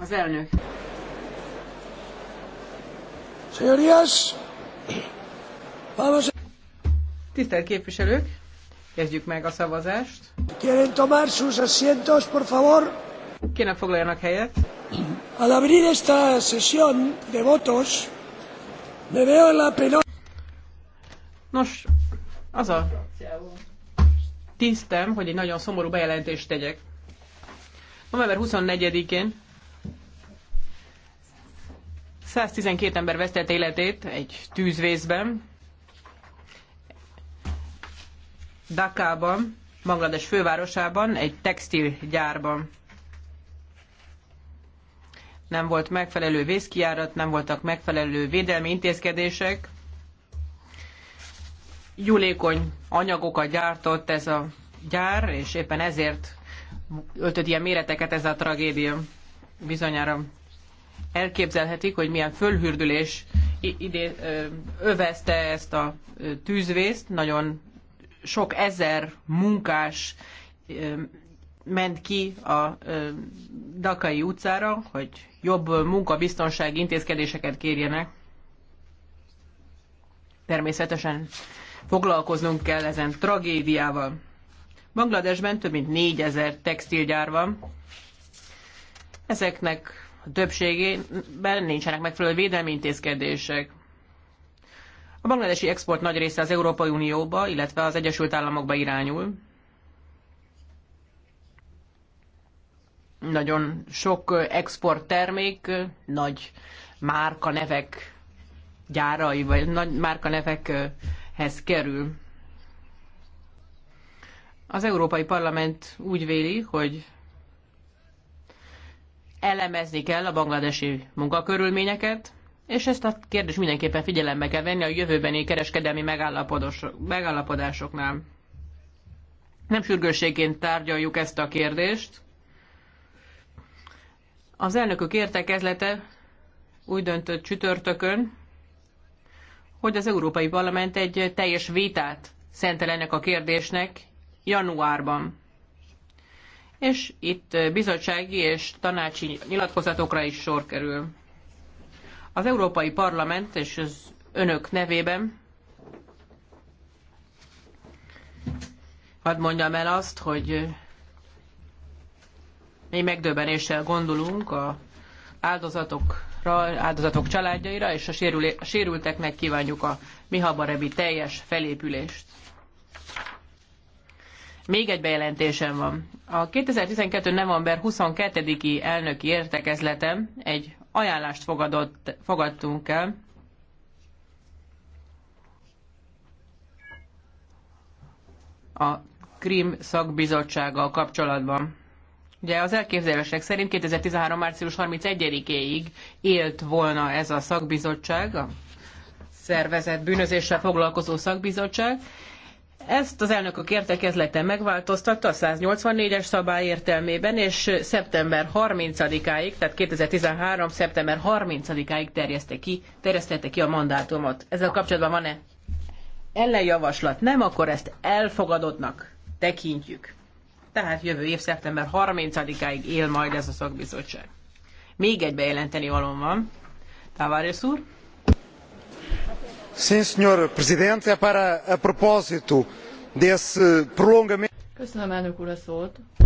Az elnök. Señorías, vamos. Tisztelt képviselők, kezdjük meg a szavazást. Quieren tomar sus asientos, por favor. Kérem foglaljanak helyet. Al abrir esta sesión de votos, me veo en la penó... Nos, az a tisztem, hogy egy nagyon szomorú bejelentést tegyek. November 24-én 112 ember vesztett életét egy tűzvészben, Dakában, Banglades fővárosában, egy textilgyárban. Nem volt megfelelő vészkiárat, nem voltak megfelelő védelmi intézkedések, jólékony anyagokat gyártott ez a gyár, és éppen ezért öltött ilyen méreteket ez a tragédia. Bizonyára elképzelhetik, hogy milyen fölhürdülés ide, övezte ezt a tűzvészt. Nagyon sok ezer munkás ment ki a Dakai utcára, hogy jobb munkabiztonsági intézkedéseket kérjenek. Természetesen Foglalkoznunk kell ezen tragédiával. Bangladesben több mint 4000 textilgyár van. Ezeknek a többségében nincsenek megfelelő védelmi intézkedések. A bangladesi export nagy része az Európai Unióba, illetve az Egyesült Államokba irányul. Nagyon sok exporttermék nagy márkanevek gyárai, vagy nagy márkanevek hez kerül. Az Európai Parlament úgy véli, hogy elemezni kell a bangladesi munkakörülményeket, és ezt a kérdést mindenképpen figyelembe kell venni a jövőbeni kereskedelmi megállapodásoknál. Nem sürgősségként tárgyaljuk ezt a kérdést. Az elnökök értekezlete úgy döntött csütörtökön, hogy az Európai Parlament egy teljes vitát szentel ennek a kérdésnek januárban. És itt bizottsági és tanácsi nyilatkozatokra is sor kerül. Az Európai Parlament és az önök nevében hadd mondjam el azt, hogy mi megdöbbenéssel gondolunk a áldozatok áldozatokra, áldozatok családjaira, és a, sérülé, a sérülteknek kívánjuk a Mihabarebi teljes felépülést. Még egy bejelentésem van. A 2012. november 22-i elnöki értekezleten egy ajánlást fogadott, fogadtunk el, a Krim szakbizottsággal kapcsolatban. Ugye az elképzelések szerint 2013. március 31-éig élt volna ez a szakbizottság, a szervezet bűnözéssel foglalkozó szakbizottság. Ezt az elnökök értekezlete megváltoztatta a 184-es szabály értelmében, és szeptember 30-áig, tehát 2013. szeptember 30-áig terjeszte ki, terjesztette ki a mandátumot. Ezzel kapcsolatban van-e ellenjavaslat? Nem, akkor ezt elfogadottnak tekintjük tehát jövő év szeptember 30-áig él majd ez a szakbizottság. Még egy bejelenteni valóm van. Tavares úr. Sim, senhor presidente, para a propósito desse prolongamento. Köszönöm elnök úr a szót.